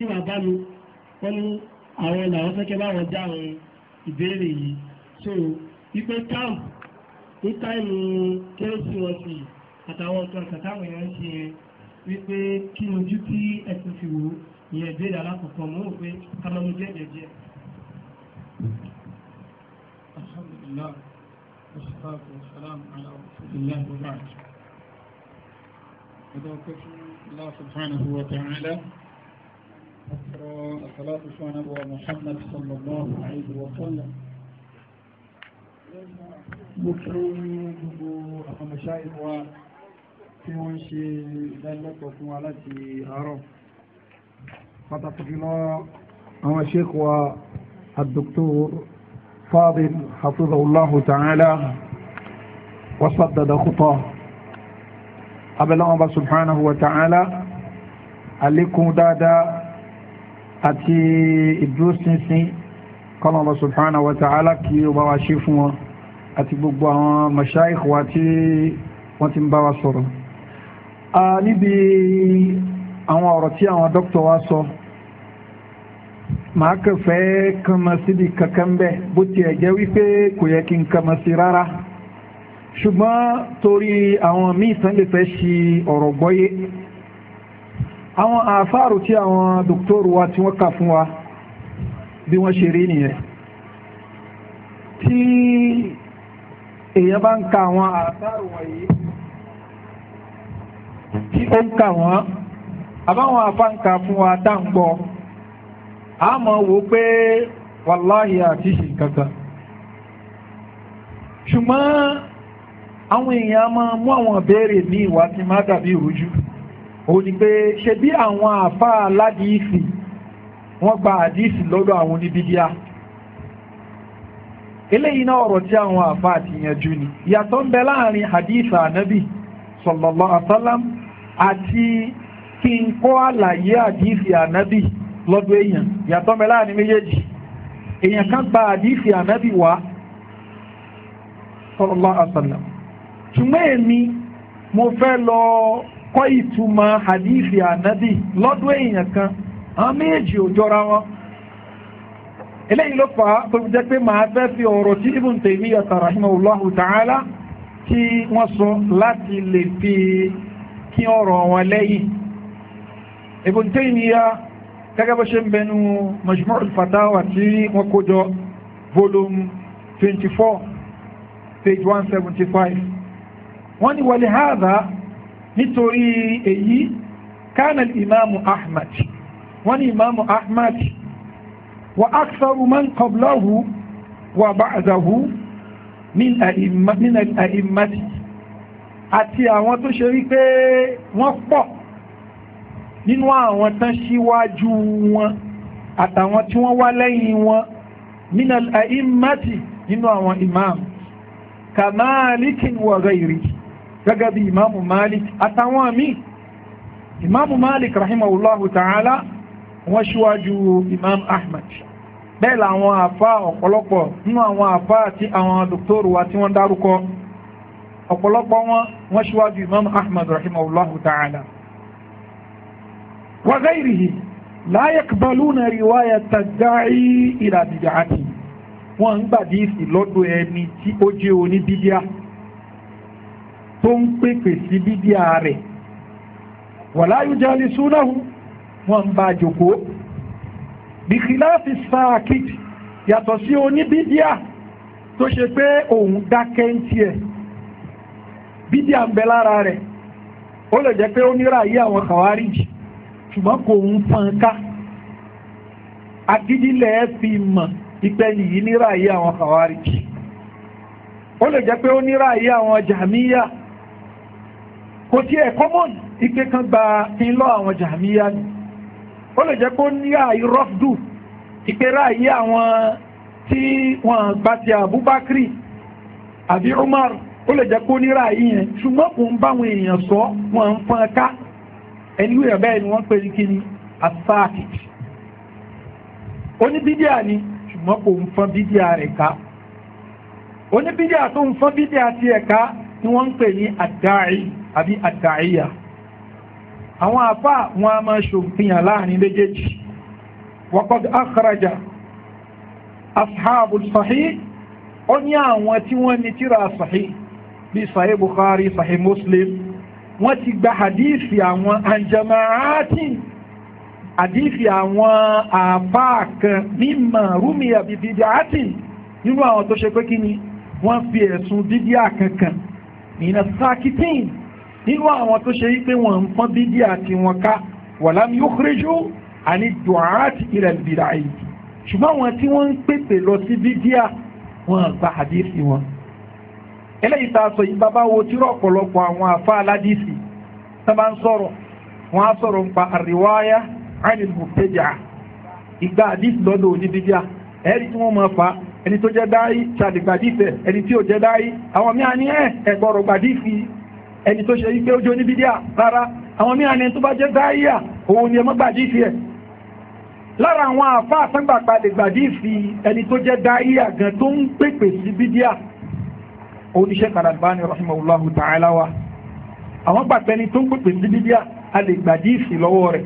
ní bàbá mi wọ́n ní àwọn làwọn fẹ́kẹ́ báwọn dá àwọn ìbéèrè yìí so ipe camp ní táìmù kérésìmọ́sì àtàwọn ọ̀tọ̀ àtàwọn èèyàn ń ṣe yẹn wípé kí ni ojú tí ẹ̀sìn fi wò ìyẹn ìbéèrè alákọ̀ọ́kọ́ mú òpé kámọ́nú jẹ́jẹ́ jẹ́. alhamdulillah wasalaatu wasalaam ala fún Allah subhanahu wa ta'ala. الصلاة والسلام على محمد صلى الله عليه وسلم mo kí gbogbo àwọn mẹ́ṣáì wa tí wọ́n ṣe ìdánilẹ́kọ̀ọ́ fún wa láti àárọ̀ pàtàkì jùlọ àwọn ṣéèkù wa الدكتور فاضل حفظه الله تعالى وصدد خطاه abẹ́lẹ́wọ̀n bá subhanahu wa ta'ala alékún dáadáa àti ìdúróṣinṣin kọ́lọ́mọ subhanahu wa ta'ala kí ó bá wa ṣe fún wọn àti gbogbo àwọn mashayikh wa tí wọ́n ti ń bá wa sọ̀rọ̀. níbi àwọn ọ̀rọ̀ tí àwọn dókítà wa sọ màá kàn fẹ́ kàn mọ́ síbi kankan bẹ́ẹ̀ bó tiẹ̀ jẹ́ wípé kò yẹ kí n kàn mọ́ sí rárá ṣùgbọ́n torí àwọn míì sàn lè fẹ́ ṣi ọ̀rọ̀ gbọ́yé. àwọn àfáàrù tí àwọn dòktóru wa tí wọ́n kà fún wa bí wọ́n ṣe rí nìyẹn tí èèyàn bá ń ka àwọn àfáàrù wọ̀nyí tí ó ń kà wọ́n àbáwọn àfáǹkà fún wa ń a mọ̀ wò pé wàláhì àti ṣì kankan ṣùgbọ́n àwọn èèyàn máa mú àwọn béèrè ní ìwà tí ó ní pé ṣe bí àwọn àfá aládìísì wọ́n gba àdìísì lọ́dọ̀ àwọn oníbídíà eléyìí náà ọ̀rọ̀ tí àwọn àfá àti yanjú ni ìyàtọ̀ ń bẹ láàrin hadith anabi sallallahu alaihi wasallam ati kí n kó àlàyé àdìísì anabi lodo èèyàn ìyàtọ̀ ń bẹ láàrin méjèèjì èèyàn kan gba àdìísì anabi wá sallallahu alaihi wasallam ṣùgbọ́n èmi mo fẹ́ lọ kọ́ ìtumọ̀ hadithi ànábì lọ́dún èèyàn kan àwọn méjì ò jọra wọn eléyìí ló fà á tó fi jẹ́ pé màá fẹ́ fi ọ̀rọ̀ tí Ibn Taymiyyah rahimahullahu ta'ala tí wọ́n sọ láti lè fi kí ọ̀rọ̀ wọn lẹ́yìn Ibn Taymiyyah gẹ́gẹ́ bó ṣe ń bẹnu Majmu' al-Fatawa tí wọ́n kó jọ volume 24 page 175 wọ́n ní wàlẹ̀ hàdà nítorí èyí kánàl ìmáàmù ahmad wọ́n ní ìmáàmù ahmad wa aksaru man qablahu wa ba'dahu min al-a'immati àti àwọn tó ṣe wípé wọ́n pọ̀ nínú àwọn tán síwájú wọn àtàwọn tí wọ́n wá lẹ́yìn wọn min al nínú àwọn imam kamalikin wa ghairi gẹ́gẹ́ bí ìmáàmù Malik àtàwọn míì ìmáàmù Malik rahimahullahu ta'ala wọ́n ṣíwájú ìmáàmù Ahmad bẹ́ẹ̀ làwọn àfa ọ̀pọ̀lọpọ̀ nínú àwọn àfa àti àwọn dòktóru wa tí wọ́n dárúkọ ọ̀pọ̀lọpọ̀ wọn wọ́n ṣíwájú ìmáàmù Ahmad rahimahullahu ta'ala wa ghayrihi la wọ́n ń gbàdí ìsìn lọ́dọ̀ ẹni tí ó jẹ́ oníbídíà tó ń pèpè sí bídíà rẹ̀ wala yujalisūnahu wọn ń bá jókòó bi khilāfi sākit yàtọ̀ sí oníbídíà tó ṣe pé òun dákẹ́ ń tiẹ̀ bídíà ń bẹ lára rẹ̀ ó lè jẹ́ pé ó nira yí àwọn kàwáríjì ṣùgbọ́n kò ń fọn ká agídílẹ̀ fi mọ̀ ìpẹ́ nìyí nira yí àwọn kàwáríjì ó lè jẹ́ pé ó nira yí àwọn jàmíyà kò tí ẹ̀ common ike kan gba kí n lọ àwọn jàmíyá ni ó lè jẹ́ kó ní àyè rọ́fdù ike ráàyè àwọn tí wọ́n gba ti Abubakri àbí Umar ó lè jẹ́ kó ní ráàyè yẹn ṣùgbọ́n kò ń báwọn èèyàn sọ wọ́n ń fọn ká ẹni wíwẹ̀ bẹ́ẹ̀ ni wọ́n pè ní kíni asaakit oníbídíà ni ṣùgbọ́n kò ń fọn bídíà rẹ̀ ká oníbídíà tó ń fọn bídíà tiẹ̀ ká ni wọ́n ń pè ní àdáì àbí àdàáyà àwọn àfá wọn a máa ṣòfihàn láàrin méjèèjì waqad akhraja ashabu sahih ó ní àwọn tí wọ́n ní tíra sahih bí sahih bukhari sahih muslim wọ́n ti gba hadithi àwọn anjamaatin hadithi àwọn àfá kan mímọ̀ rúmìyà bíbí àtin nínú àwọn tó ṣe pé kí ni wọ́n fi ẹ̀sùn dídí àkankan ìyẹn sakitin nínú àwọn tó ṣe wípé wọn ń pọ́n bídí àti wọn ká walam yukhrijū àní du'āti ilā al-bid'ah ṣùgbọ́n wọn tí wọ́n ń pèpè lọ sí bídí à wọn gba àdísì wọn eléyìí tá a sọ yìí bàbá wo tírọ̀ ọ̀pọ̀lọpọ̀ àwọn àfa aládìsì tó bá ń sọ̀rọ̀ wọn á sọ̀rọ̀ nípa ar-riwāya 'an al-mubtadi' ìgbà àdísì lọ́dọ̀ òní bídí à ẹ̀rí tí wọ́n máa fa ẹni tó jẹ́ dáì ṣàdìgbàdìfẹ̀ ẹni tí ò jẹ́ dáì àwọn mí ẹni tó ṣe ike ojú oníbídíà rárá àwọn mìíràn ni tó bá jẹ́ záyà òun ni ẹmọ́ gbàdífì ẹ̀ lára àwọn àfá àtàgbàpadè gbàdífì ẹni tó jẹ́ dáyà gan tó ń pèpè sí bídíà òun ni Sheikh Al-Albani rahimahullahu ta'ala wa àwọn gbàgbẹ́ni tó ń pèpè sí bídíà a lè gbàdífì lọ́wọ́ rẹ̀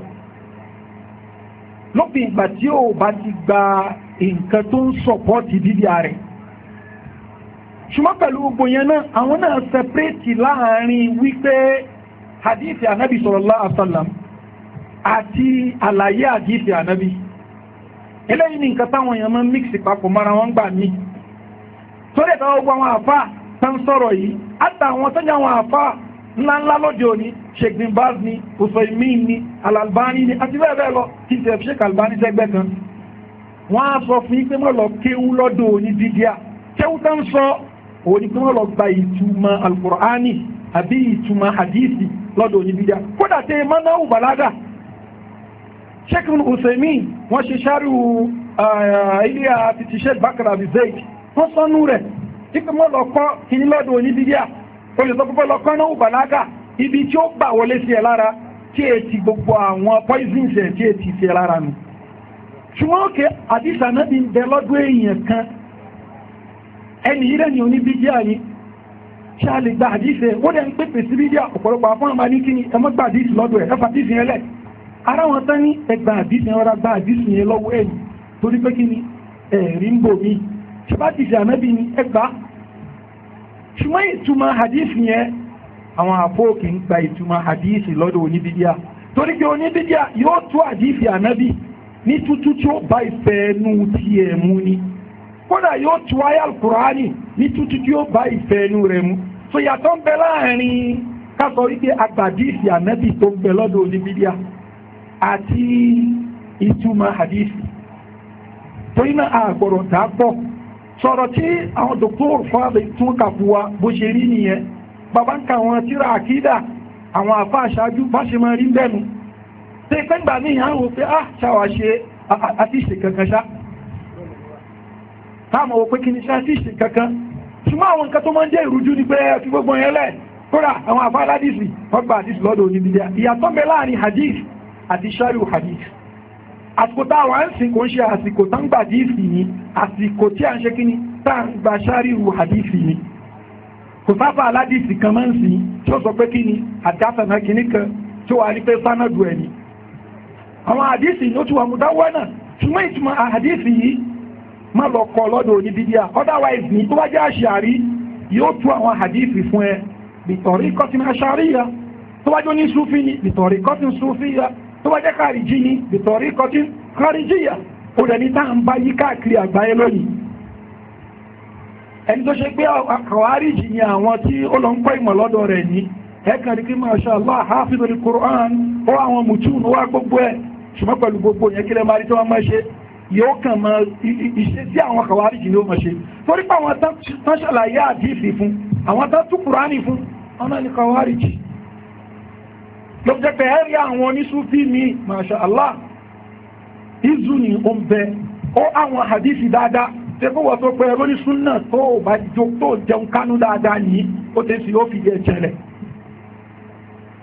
ṣùgbọ́n pẹ̀lú gbogbo yẹn náà àwọn náà sẹpẹ́rẹ́tì láàrin wípé hadith anabi sallallahu alaihi wasallam àti àlàyé hadith anabi eléyìí ni nǹkan táwọn èèyàn máa ń mix papọ̀ mara wọn gbà mí torí ẹ̀ka gbogbo àwọn àfa tó ń sọ̀rọ̀ yìí àtàwọn tó ń jẹ́ àwọn àfa ńláńlá lóde òní Sheikh bin ni Usaimin ni al ni àti bẹ́ẹ̀ bẹ́ẹ̀ lọ kí n tẹ̀ fi sẹ́gbẹ́ kan wọ́n á sọ fún yín pé mọ́ lọ kéwú lọ́dọ̀ òní dídíà kéwú tó sọ òun ni kí wọ́n lọ gba ìtumọ̀ alukur'ani àbí ìtumọ̀ hadisi lọ́dọ̀ oníbídà kódà tẹ mọ́náwù balaga sheikh usaimin wọ́n ṣe ṣáàrù ilé àtìtì sheikh bakar bizek wọ́n sọnù rẹ̀ kíkọ́ mọ́ lọ kọ́ kìíní lọ́dọ̀ oníbídà olùsọ́kọ́kọ́ lọ kọ́ náwù balaga ibi tí ó gbà wọlé sí ẹ lára tí e ti gbogbo àwọn poisons ẹ̀ tí e ẹni yìí lẹ́ni oní bídíà ni ṣe a lè gba àdíṣe ó dẹ̀ ń pèpè sí bídíà ọ̀pọ̀lọpọ̀ afọ́n àmà ní kíni ẹmọ́ gba àdíṣe lọ́dọ̀ ẹ̀ ẹfà àdíṣe yẹn lẹ̀ ara wọn tán ní ẹgbà àdíṣe ọ̀rá gba àdíṣe yẹn lọ́wọ́ ẹ̀yìn torí pé kíni ẹ̀rí ń bò mí ṣe bá ti ṣe àmẹ́bí ni ẹgbà ṣùgbọ́n ìtumọ̀ àdíṣe yẹn àwọn àfọ́ọ̀kì ń gba ìtumọ̀ àdíṣe lọ́dọ̀ oníbídíà torí pé oníbídíà yóò tú àdíṣe àmẹ́bí ní tútú tí ó bá ni kódà yóò tu ayé alukurani ní tútù tí ó bá ìfẹ́ inú rẹ̀ mu so yàtọ̀ ń bẹ láàrin kásọ̀ wípé agbàdìsí ànábì tó ń bẹ lọ́dọ̀ oníbídíà àti ìtumọ̀ àdìsí torí náà àgbọ̀rọ̀ dà pọ̀ sọ̀rọ̀ tí àwọn dòktór fáàlì tún kàfù wa bó ṣe rí nìyẹn bàbá ń ka àwọn tíra àkídà àwọn àfa àṣáájú bá ṣe máa rí bẹ́nu tẹ́ pẹ́ngbà ní ìhàn wò pé ah ṣàwàṣe àti ìṣèkankan ṣáá táàmù ò pé kí ni ṣáṣíṣì kankan ṣùgbọ́n àwọn nǹkan tó máa ń jẹ́ ìrújú ni pé fi gbogbo yẹn lẹ̀ kódà àwọn àfa aládìsì wọ́n gba àdìsì lọ́dọ̀ onídìdí ìyàtọ̀ bẹ láàrin hadith àti sharu hadith àsìkò tá àwọn àǹsìn kò ń ṣe àsìkò tá ń gba hadith ni àsìkò tí à ń ṣe kíni tá ń gba sharu hadith ni kò sáfà aládìsì kan máa ń sìn tí ó sọ pé kíni àdásànà kíní kan tí ó wà ní pé sánàdù ẹni àwọn àdìsì ni ó ti wà mú dáwọ́ náà ṣùgbọ́n ìtumọ̀ àdìsì yìí má lọ kọ lọ́dọ̀ oníbídíà otherwise ní tó bá jẹ́ àṣàrí yóò tú àwọn hadithi fún ẹ bìtọ̀rí kọ́tìn àṣàríyà tó bá ní sufi ni bìtọ̀rí ya, kárìjì ni bìtọ̀rí ó ní tá à ń bá yí káàkiri àgbáyé lónìí ẹni tó ṣe pé ni àwọn tí ó lọ ń kọ́ ìmọ̀ lọ́dọ̀ masha yóò kàn mọ iṣẹ́ tí àwọn kàwárí jì ní ó mọ̀ ṣe torí pé àwọn tán ṣàlàyé àdìsí fún àwọn tán tú kùránì fún ọ̀nà ní kàwárí jì ló jẹ́ pé ẹ̀rí àwọn oníṣúfí mi masha Allah izu ni ó ń bẹ ó àwọn àdìsí dáadáa ṣe kó wọ́n tó pé ẹ̀rọ ní súnà tó bá jó tó jẹun kánú dáadáa yìí ó ti fi ó fi jẹ jẹrẹ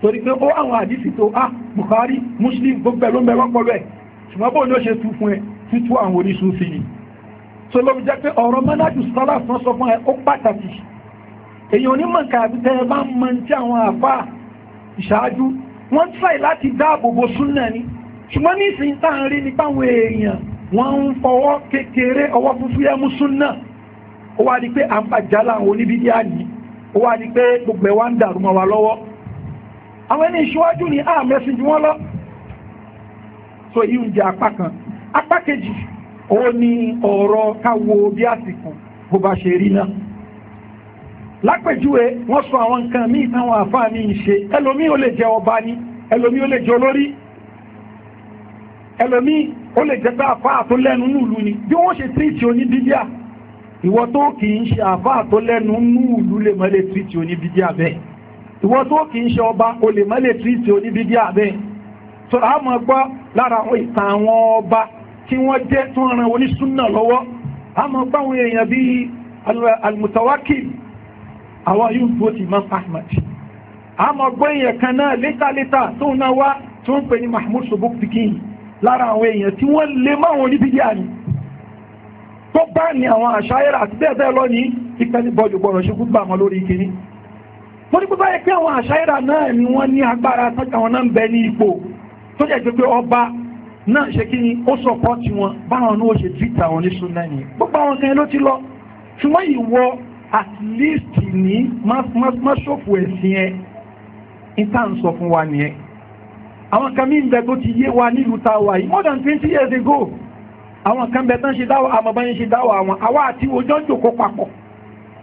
torí pé ó àwọn àdìsí tó ah Bukhari Muslim gbogbo ẹ̀ ló ń bẹ wọ́pọ̀ rẹ̀ ṣùgbọ́n bóun ló ṣe tu fún ẹ títú àwọn oníṣúfì ni so ló fi jẹ́ pé ọ̀rọ̀ mọ́nájú sọ́lá fún sọ fún ẹ ó pàtàkì èyàn onímọ̀ǹkà àbíkẹ́ ẹ bá ń mọ tí àwọn àfà ìṣáájú wọ́n ń tàì láti dáàbò bo súnà ni ṣùgbọ́n ní ìsìn tá à ń rí nípa àwọn èèyàn wọ́n ń fọwọ́ kékeré ọwọ́ fúnfú yẹ mú súnà ó wá di pé à ń bàjá láwọn oníbídíà ní ó wá di pé gbogbo ẹ̀ wá ń dàrú mọ́ wa lọ́wọ́ àwọn ẹni ìṣíwájú ni àmẹ́sìn ju wọ́n lọ so yìí ń jẹ apá kan apá kejì ó ní ọ̀rọ̀ káwo bí àsìkò bó bá ṣe rí náà lápèjúwe wọ́n sọ àwọn nǹkan míì táwọn àfáà ní í ṣe ẹlòmíì ó lè jẹ ọba ni ẹlòmíì ó lè jẹ olórí ẹlòmíì ó lè jẹ pé àfáà tó lẹ́nu nùlù ni bí wọ́n ṣe tíìtì oníbídíà ìwọ tó kì í ṣe àfáà tó lẹ́nu nùlù lè mọ́ lè tíìtì oníbídíà bẹ́ẹ̀ ìwọ tó kì í ṣe ọba ó lè mọ́ lè tíìtì oníbídíà bẹ́ẹ̀ tó a máa gbọ́ lára ìtàn àwọn ọba tí wọ́n jẹ́ tí wọ́n ran onísúnà lọ́wọ́ a mọ̀ báwọn èèyàn bí almutawakil àwọn yóò tó ti Imam Ahmad a mọ̀ gbọ́ èèyàn kan náà létàlétà tó ń wá tó ń pè ní Mahmoud Subukdikin lára àwọn èèyàn tí wọ́n lè máwọn oníbídíà ni tó bá ní àwọn àṣàyẹ̀rẹ̀ àti bẹ́ẹ̀ bẹ́ẹ̀ lọ ní ìpẹ́lẹ̀ bọ́ọ̀lù gbọ́rọ̀ ṣe gbúgbà wọn lórí ìkíní mo ní pípa yẹ pé àwọn àṣàyẹ̀rẹ̀ náà ni wọ́n ní agbára tọ́jà wọn náà ń bẹ ní ipò tó jẹ́ pé ọba náà ṣe kí ni ó sọpọ́ tí wọn báwọn náà ṣe twitter àwọn oníṣúná ni gbogbo àwọn kan ló ti lọ ṣùgbọ́n ìwọ at least ní má ṣòfò ẹ̀sìn ẹ̀ níta ń sọ fún wa nìyẹn àwọn kan mí ń bẹ tó ti yé wa nílùú ta wa yìí more than twenty years ago àwọn kan bẹ tán ṣe dáwọ àmọ́bá yẹn ṣe dáwọ àwọn àwa àti òjò ń jòkó papọ̀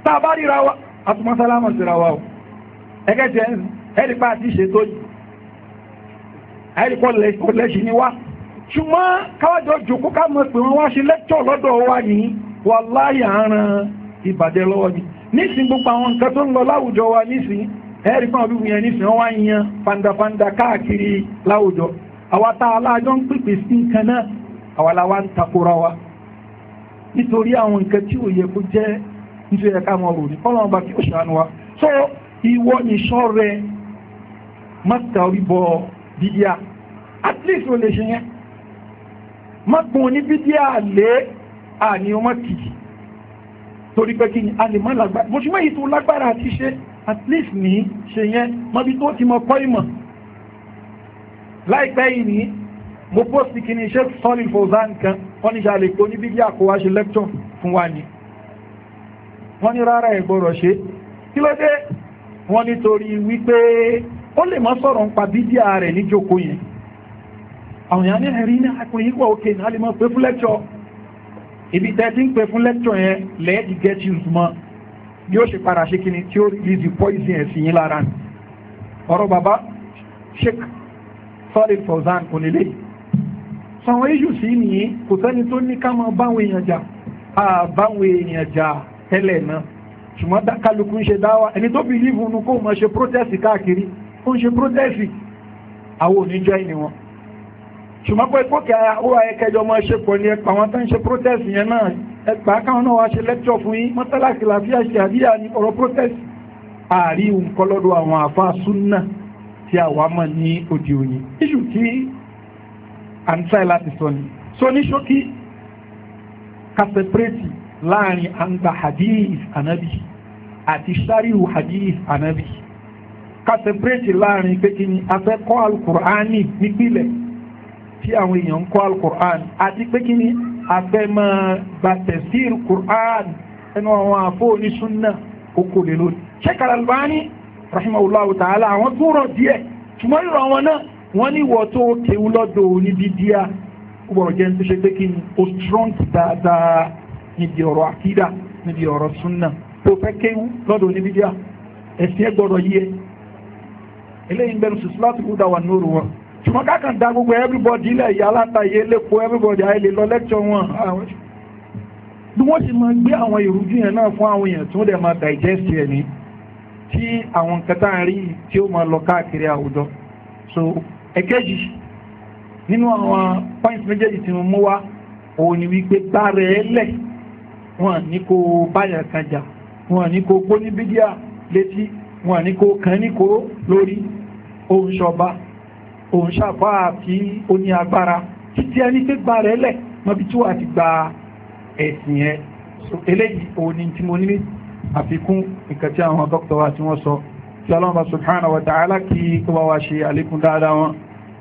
tá a bá ríra wa àtúmọ̀sálámà síra wa o ẹgẹ́ jẹ́ ẹ̀rí pa àti ìṣètò yìí ẹ̀rí pọ̀ lẹ́sìn ni wá ṣùgbọ́n káwàjọ jòkó ká mọ̀ pé wọ́n wá ṣe lẹ́kṣọ̀ lọ́dọ̀ wa ní wàláhì àárán ìbàjẹ́ lọ́wọ́ ni nísìn gbogbo àwọn nǹkan tó ń lọ láwùjọ wa nísìn ẹ̀rí kan wùyẹn nísìn wá ń fandafanda káàkiri láwùjọ àwa tá ń pèpè sí nǹkan náà àwa at least o lè ṣe yẹn mọ́gbọ̀n oníbídí àlé àní ọmọ kìí torí pé kí ni a lè mọ́ lágbára mo ṣùgbọ́n èyí tó lágbára àti ṣe at least ní ṣe yẹn mọ́bí tó ti mọ́ kọ́ ìmọ̀ láìpẹ́ yìí ní mo post kí ni iṣẹ́ sọ́lì fòzán kan wọ́n ní ṣe àlèkò oníbídí àkọwá ṣe lecture fún wa ni wọ́n ní rárá ẹ̀gbọ́rọ̀ ṣe kí ló dé wọ́n nítorí wípé ó lè mọ́ sọ̀rọ̀ ń pa bídíà rẹ̀ níjókòó yẹn àwọn èèyàn ní ẹ̀rí ní àpín yípo òkè náà lè mọ́ pé fún lẹ́kṣọ́ ibi tẹ́tí ń pè fún lẹ́kṣọ́ yẹn lẹ́ẹ̀dì get used mọ́ bí ó ṣe padà ṣe kíni tí ó rí di poison ẹ̀sìn yín lára ni ọ̀rọ̀ bàbá Sheikh Sọ́lé Fọ̀zán onílé sanwó iṣu sí nìyí kò sẹ́ni tó ní ká báwọn èèyàn jà àbáwọn èèyàn jà tẹ́lẹ̀ náà ṣùgbọ́n kálukú ń ṣe dáwà ẹni tó bìlíìfù nu kó máa ṣe protest káàkiri ó ń ṣe protest àwọn oníjọ́ ìní wọn ṣùgbọ́n pé kókè àwọn ẹkẹjọ ọmọ ṣe pọ̀ ní ẹpa àwọn tó ń ṣe protest yẹn náà ẹgbàá káwọn náà wá ṣe lẹ́kṣọ̀ fún yín mọ́tàláṣì làbíyà ṣe àbíyà ní ọ̀rọ̀ protest ààrí nǹkan lọ́dọ̀ àwọn àfa súnà tí àwa mọ̀ ní òde òní. iṣu tí à láti sọ ni so ní ṣókí ká láàrin àǹgbà hadith anabi àti sáríhù hadith anabi ká sẹpẹrẹtì láàrin pé kí ni afẹ́kọ́ alukur'ani nípìnlẹ̀ tí àwọn èèyàn ń kọ́ alukur'an àti pé kí ni abẹ́mọ̀ bàtẹ̀sír kur'an ẹnu àwọn àfọ onísúnà oko lè lónìí. sheikh alalbani rahimahullahu ta'ala àwọn tó rọ díẹ̀ ṣùgbọ́n ìrọ̀ wọn náà wọ́n ní wọ́n tó kéwú lọ́dọ̀ níbi díà gbọ́dọ̀ jẹ́ tó ṣe pé kí ni o strong dáadáa níbi ọ̀rọ̀ àkídà níbi ọ̀rọ̀ súnà tó fẹ́ kéwú lọ́dọ̀ níbi díà ẹ̀sìn ẹ̀ gbọ́dọ̀ yí ẹ eléyìí ń bẹnu sùsùlá tó kú dá wà nóòrò wọn ṣùgbọ́n kákan da gbogbo everybody ilẹ̀ ìyá látàyé lẹ́kọ̀ọ́ everybody ayé lè lọ lecture wọn àwọn bí wọ́n ti máa gbé àwọn ìrújú yẹn náà fún àwọn èèyàn tí wọ́n dẹ̀ máa digest yẹn ni tí àwọn nǹkan tá à ń rí tí ó máa lọ káàkiri àwùjọ so èkejì nínú àwọn points méjèèjì tí mo mú wá òun ni wípé gbára ẹ lẹ̀ wọn ní kó báyà kan jà wọn ní kó kó ní bídíà létí wọn ní kó kàn ní kó lórí òun ṣọba òun ṣàfá àti oní agbára títí ẹni pé gba rẹ̀ lẹ̀ mọ́bí tí wà ti gba ẹ̀sìn yẹn eléyìí òun ni tí mo ní àfikún nǹkan tí àwọn dókítà wa tí wọ́n sọ tí ọlọ́mọba subhanahu wa ta'ala kí ó bá wa ṣe àlékún dáadáa wọn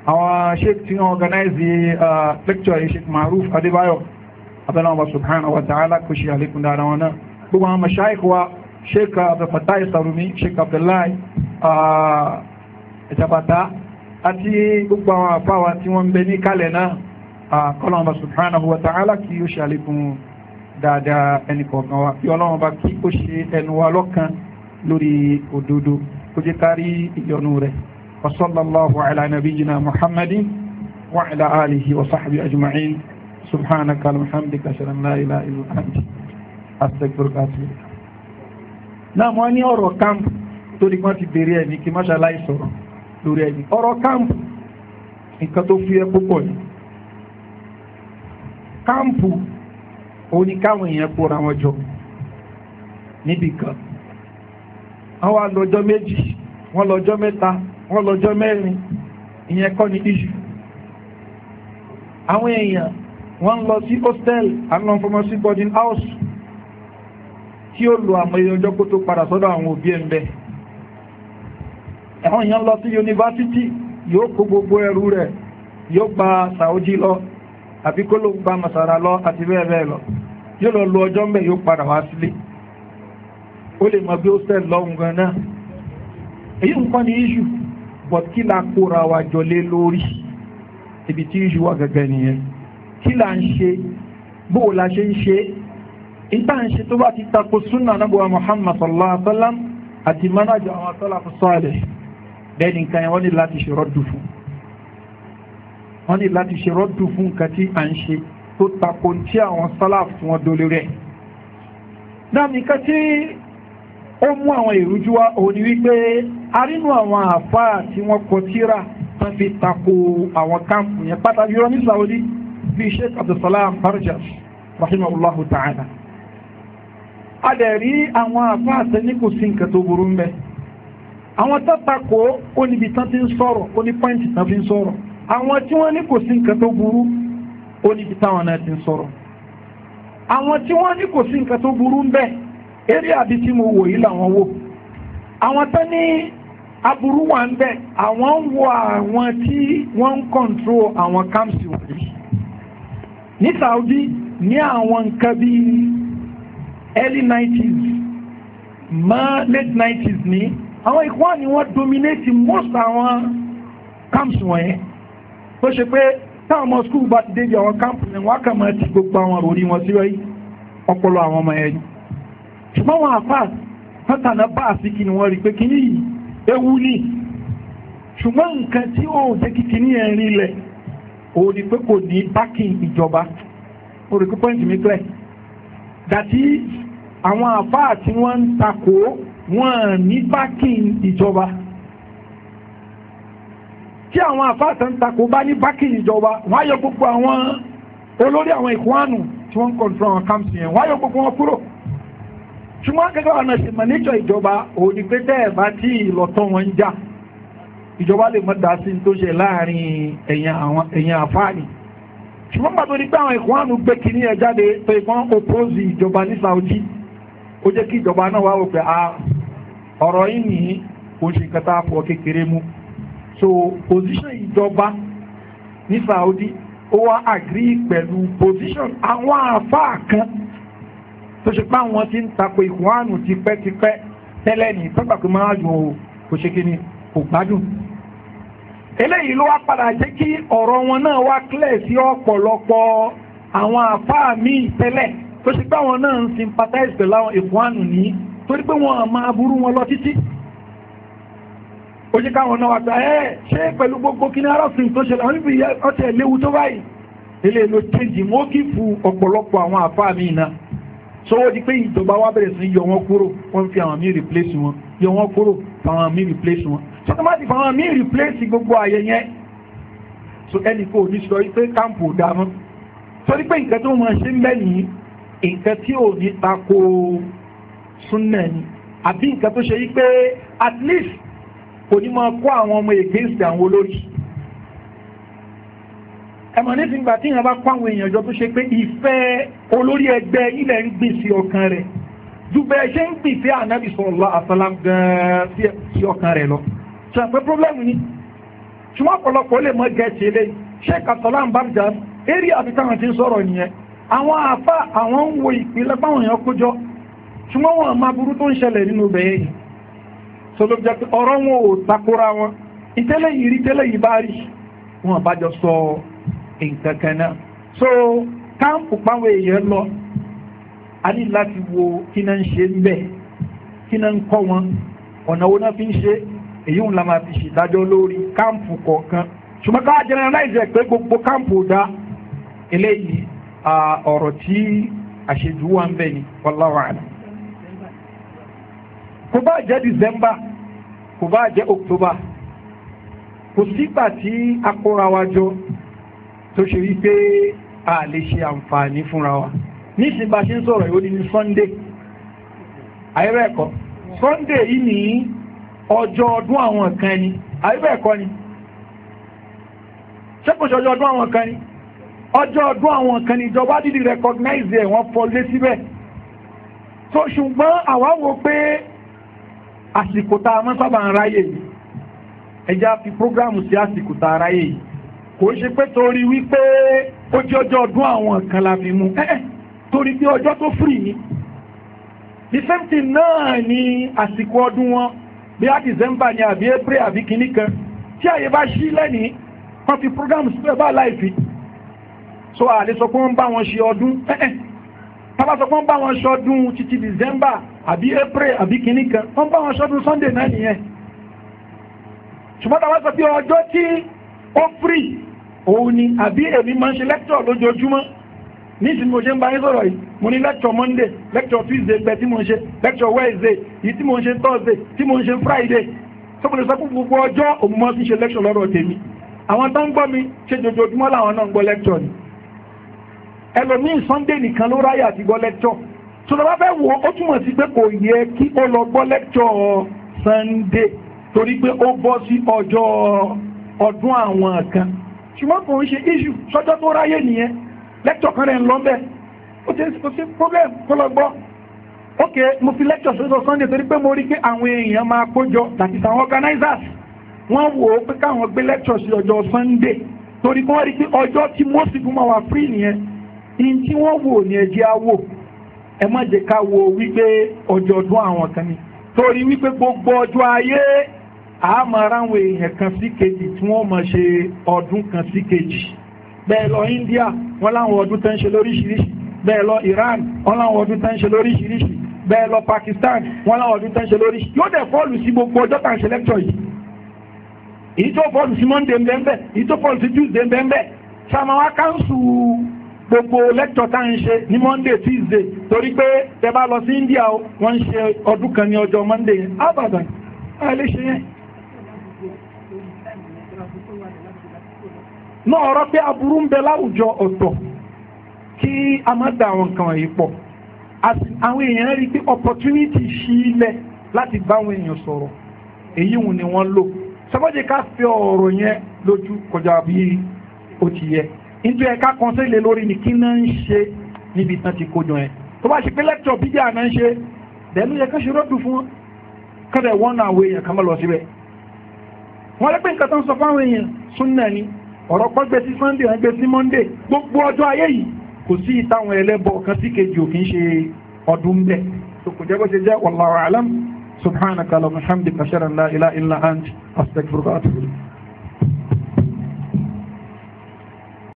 àwọn organize uh, lecture yìí sheikh maruf adébáyọ̀ abẹ́lọ́mọba subhanahu wa ta'ala kó ṣe àlékún dáadáa wọn náà gbogbo àwọn mashayikh sarumi sheikh abdullahi ìjàbàtà uh, àti gbogbo àwọn àfáwà tí wọ́n ń bẹ ní kalẹ̀ náà kọ́lọ́wọ́n bá subhanahu wa ta'ala kí ó ṣàlékún dáadáa ẹnì kọ̀ọ̀kan wa kí ọlọ́wọ́n bá kí ó ṣe ẹnu wa lọ́kan lórí òdodo kó jẹ́ ká rí ìyọ́nú rẹ̀ wa sallallahu ala nabiyyina muhammadin wa ala alihi wa sahbihi ajma'in subhanaka alhamdulillah ashhadu la ilaha illa anta astaghfiruka wa atubu ilayk náà wọ́n ní ọ̀rọ̀ camp torí wọ́n ti bèrè ẹ̀ ní kí lórí ẹni ọ̀rọ̀ káàmpù nǹkan tó fi ẹ́ púpọ̀ ni káàmpù òun ni káwọn èèyàn kóra wọn jọ níbì kan àwọn alọ́jọ́ méjì wọ́n lọ́jọ́ mẹ́ta wọ́n lọ́jọ́ mẹ́rin ìyẹn kọ́ ni iṣu àwọn èèyàn wọ́n lọ sí hostel àwọn fọmọ sí boarding house tí ó lo àmọ́ ìyọjọ́ kó tó padà sọ́dọ̀ àwọn òbí ẹ̀ ń bẹ́ẹ̀ ẹ̀họ́n yẹn lọ sí yunifásitì yóò kó gbogbo ẹrú rẹ̀ yóò gba sàójì lọ àbí kó ló ń gba masara lọ àti bẹ́ẹ̀ bẹ́ẹ̀ lọ yóò lọ lu ọjọ́ mbẹ́ yóò padà wá sílé ó lè mọ bí ó sẹ́ lọ́hùn gan náà èyí nǹkan ní iṣu but kí la kóra wa jọ lé lórí ibi tí iṣu wà gẹ́gẹ́ nìyẹn kí la ń ṣe bóò la ṣe ń ṣe ìta ń ṣe tó bá ti tako sunna nabuwa muhammad sallallahu alaihi wa sallam àti manhaj àwọn salafu salih ẹni nǹkan yẹn wọ́n ní láti ṣe rọ́dù fún wọ́n ní láti ṣe rọ́dù fún nǹkan tí à ń ṣe tó tako tí àwọn sálàf tí wọ́n rẹ̀ náà nìkan tí ó mú àwọn ìrújú wa òní wípé arínú àwọn àfáà tí wọ́n kọ tíra tó fi tako àwọn káàpù yẹn pàtàkì yọrọ ní Saudi bíi Sheikh Abdulsalam Barjas rahimahullahu ta'ala a dẹ̀ rí àwọn àfáà tẹ́ ní kò sí nǹkan tó burú ń àwọn tọ́takò ó níbi tán ti ń sọ̀rọ̀ ó ní pọ́ìntì tán fi ń sọ̀rọ̀ àwọn tí wọ́n ní kò sí nǹkan tó burú ó níbi táwọn náà ti ń sọ̀rọ̀ àwọn tí wọ́n ní kò sí nǹkan tó burú ń bẹ eré àbí tí mo wò yìí làwọn wò àwọn tán ní aburú wà ń bẹ àwọn wo àwọn tí wọ́n ń kọ̀ǹtró àwọn kámsì wọ̀nyí ní Saudi ní àwọn nǹkan bíi early 90s mọ́ late 90s ní àwọn Ikhwan ni wọ́n dominate most àwọn camps wọ̀nyẹn tó ṣe pé táwọn ọmọ skul bá ti débi àwọn camp yẹn wọ́n á kà máa ti gbogbo àwọn ròrí wọn sí wáyé ọpọlọ àwọn ọmọ yẹn ṣùgbọ́n wọn àfáà pátánà bá àfikì ni wọ́n rí pé kíní yìí ewu ni ṣùgbọ́n nǹkan tí ó jẹ́ kí kíní yẹn rí lẹ̀ òun ni pé kò ní bákìn ìjọba mo rí pé pọ́ìntì mi clear dàtí àwọn àfáà tí wọ́n ń takò wọ́n ní bákìn ìjọba tí àwọn àfáà tí ń takò bá ní bákìn ìjọba wọ́n á yọ gbogbo àwọn olórí àwọn ìkúnánù tí wọ́n ń kọ̀ǹtọ̀ àwọn kámpsì yẹn wọ́n á yọ gbogbo wọn kúrò ṣùgbọ́n gẹ́gẹ́ ọ̀nà ṣe mọ̀ níjọ ìjọba òní pé tẹ́ ẹ̀ bá tí ìlọ̀tọ̀ wọn ń jà ìjọba lè mọ̀ dá tó ṣe láàrin ẹ̀yìn àfáàní ṣùgbọ́n pàtó ní pé àwọn ìkùnánù gbé kìíní ẹ̀ jáde pé wọ́n oppose ìjọba ní Saudi ó jẹ́ kí ìjọba náà wá wò pé a ah, ọ̀rọ̀ yìí nìyí kò ń fọ kékeré mú so position ìjọba ní Saudi ó wá agree pẹ̀lú position àwọn àfáà kan tó ṣe pé àwọn ti ń tako ìkùnánù tipẹ́tipẹ́ tẹ́lẹ̀ ní tọ́gbà pé máa yọ kò ni kò gbádùn eléyìí ló wá padà jẹ́ kí ọ̀rọ̀ wọn náà wá clear sí ọ̀pọ̀lọpọ̀ àwọn àfáà míì tẹ́lẹ̀ tó ṣe pé àwọn náà ń sympathize pẹ̀lú àwọn ìfúnánù ní torí pé wọ́n máa burú wọn lọ títí ó ṣe káwọn náà wàgbà ẹ́ ṣe pẹ̀lú gbogbo kí ní aráfin tó ṣẹlẹ̀ wọ́n níbi ọtí ẹ̀léwu tó báyìí ilé ló kéjì mọ́ kí fún ọ̀pọ̀lọpọ̀ àwọn àfáà mi iná sọwọ́ di pé ìjọba wa bẹ̀rẹ̀ wọn so tó má ti fàwọn míì replace gbogbo ṣe ń bẹ́ nìyí nǹkan tí ò ní tako súnà ni àbí nǹkan tó ṣe yí pé at least kò ní máa kó àwọn ọmọ against àwọn olórí ẹmọ ní fìgbà tí ìyàn bá kó àwọn èèyàn jọ tó ṣe pé ìfẹ́ olórí ẹgbẹ́ ilẹ̀ ń gbìn sí ọkàn rẹ̀ ju bẹ́ẹ̀ ṣe ń gbìn sí ànábì sallallahu alaihi gan-an sí ọkàn rẹ̀ lọ. ṣe pé pọ́blẹ́mù ni ṣùgbọ́n ọ̀pọ̀lọpọ̀ lè mọ gẹ̀ẹ́sì ilé ṣé kàtọ́lá ń bá jà eré àti táwọn ti ń sọ̀rọ̀ nìyẹn àwọn àfá àwọn ń wo ìpínlẹ̀ báwọn èèyàn kójọ ṣùgbọ́n wọn máa burú tó ń ṣẹlẹ̀ nínú bẹ̀yẹ̀ yìí so ló jẹ́ ọ̀rọ̀ wọn ò takora wọn ìtẹ́lẹ̀ yìí rí tẹ́lẹ̀ yìí bá rí wọn bá jọ so káàmpù páwọn èèyàn lọ a ní wo kí náà ń ṣe ń bẹ̀ fi ń ṣe èyí ń la máa fi ṣèdájọ́ lórí káàmpù kọ̀ọ̀kan ṣùgbọ́n káà jẹ́ ọ̀rọ̀ tí àṣejù wà ń bẹ ni wallahu a'lam kò bá jẹ́ december kò bá jẹ́ october kò sígbà tí a kóra wa jọ tó ṣe wípé a lè ṣe àǹfààní fúnra wa níṣìí bá ṣe ń sọ̀rọ̀ ìwé ní sunday àìrẹ́ẹ̀kọ́ sunday yìí ní ọjọ́ ọdún àwọn kan ni àìrẹ́ẹ̀kọ́ ni ṣé kò ṣe ọjọ́ ọdún àwọn kan ni ọjọ́ ọdún àwọn kan níjọba dìdì recognize ẹ̀ wọ́n fọlé síbẹ̀ so ṣùgbọ́n àwa wò pé àsìkò tá a máa sábà ń ráyè yìí ẹja fi program sí àsìkò tá a ráyè yìí kò ṣe pé torí wípé ó jẹ́ ọjọ́ ọdún àwọn kan la fi mú ẹ́ẹ̀ eh, eh, torí pé ọjọ́ tó free ni the same thing náà ni àsìkò ọdún wọn bí a december ni àbí april àbí kìíní kan tí àyè bá ṣí lẹ́nìí wọ́n fi program sí ẹ̀ bá láì fi so a lè sọ pé wọ́n bá wọn ṣe ọdún tábà sọ bá wọn ṣe ọdún títí december àbí april àbí kìíní kan wọ́n bá wọn ṣe ọdún sunday náà nìyẹn ṣùgbọ́n tábà sọ pé ọjọ́ tí ó free òun ni àbí èmi máa ń ṣe lecture lójoojúmọ́ nísìn mo ṣe ń bá yín sọ̀rọ̀ yìí mo ní lecture monday lecture tuesday gbẹ tí mo ń ṣe lecture wednesday yìí tí mo ń ṣe thursday tí mo ń ṣe friday sọ́kùnrin sọ́kùn gbogbo ọjọ́ òun mọ́ sí ṣe lecture lọ́rọ̀ tèmi àwọn tó ń gbọ́ mi ṣe jojoojúmọ́ làwọn náà ń gbọ́ lecture ni ẹlòmíì Sunday nìkan ló ráyà àti gbọ́ lẹ́kítọ̀ tó lọ́ba fẹ́ wò ó túmọ̀ sí pé kò yẹ kí ó lọ gbọ́ lẹ́kítọ̀ Sunday torí pé ó bọ́ sí ọjọ́ ọdún àwọn kan ṣùgbọ́n kò ń ṣe issue sọ́jọ́ tó ráyè nìyẹn lẹ́kítọ̀ kan rẹ̀ ń lọ bẹ́ẹ̀ ó ti kò sí problem kó lọ gbọ́ ok mo fi lẹ́kítọ̀ sọ́jọ́ Sunday torí pé mo rí pé àwọn èèyàn máa kójọ tàbí àwọn organizers wọ́n wò ó pé káwọn gbé lẹ́kítọ̀ sí ọjọ́ Sunday torí pé wọ́n rí pé ọjọ́ tí mọ́sí fún wa free nìyẹn in tí wọ́n wò ní ẹjẹ́ á wò ẹ má jẹ́ ká wo wípé ọjọ́ àwọn kan ni torí wípé gbogbo ọjọ́ ayé àmọ́ aráwọn èèyàn kan sí kejì tí wọ́n máa ṣe ọdún kan sí kejì bẹ́ẹ̀ lọ India wọ́n láwọn ọdún tó ń ṣe lóríṣiríṣi bẹ́ẹ̀ lọ Iran wọ́n láwọn ọdún tó ń ṣe lóríṣiríṣi bẹ́ẹ̀ lọ Pakistan wọ́n láwọn ọdún tó ń ṣe lóríṣiríṣi yóò dẹ̀ fọ́ọ̀lù sí gbogbo ọjọ́ tá à ń ṣe lẹ́kítọ̀ yìí èyí tó fọ́ọ̀lù sí Monday ń bẹ́ẹ̀ èyí tó fọ́ọ̀lù sí Tuesday ń bẹ́ẹ̀ sáà káńsù gbogbo lẹ́kítọ̀ tá ń ṣe ní monday tuesday torí pé tẹ bá lọ sí india wọ́n ń ṣe ọdún kan ní ọjọ́ monday yẹn abadan a lè ṣe yẹn náà ọ̀rọ̀ pé aburú ń bẹ láwùjọ ọ̀tọ̀ kí a má da àwọn nǹkan wọ̀nyí pọ̀ àwọn èèyàn rí pé opportunity ṣí ilẹ̀ láti bá àwọn èèyàn sọ̀rọ̀ èyí wù ni wọ́n lò sọ́mọ́jì ká fi ọ̀rọ̀ yẹn lójú kọjá bí ó ti yẹ nítorí ẹ̀ka kan sílẹ̀ lórí ni kí náà ń ṣe níbi tán ti kójọ yẹn tó bá ṣe pé lẹ́kítọ̀ bídí àná ń ṣe bẹ́ẹ̀lú yẹ kán ṣe rọ́dù fún wọn kán dẹ̀ wọ́n náà àwọn èèyàn kan mọ́ lọ síbẹ̀ wọ́n lẹ́pẹ́ nǹkan tó ń sọ fáwọn èèyàn súnà ni ọ̀rọ̀ pọ́ gbé sí Sunday wọ́n sí Monday gbogbo ọjọ́ ayé yìí kò sí ìtàwọn ẹlẹ́bọ kan sí kejì ò kì í ṣe ọdún bẹ́ẹ̀ tó kò jẹ́ bó ṣe jẹ́ wallahu alam subhanaka allahumma hamdika ashhadu an la ilaha illa ant astaghfiruka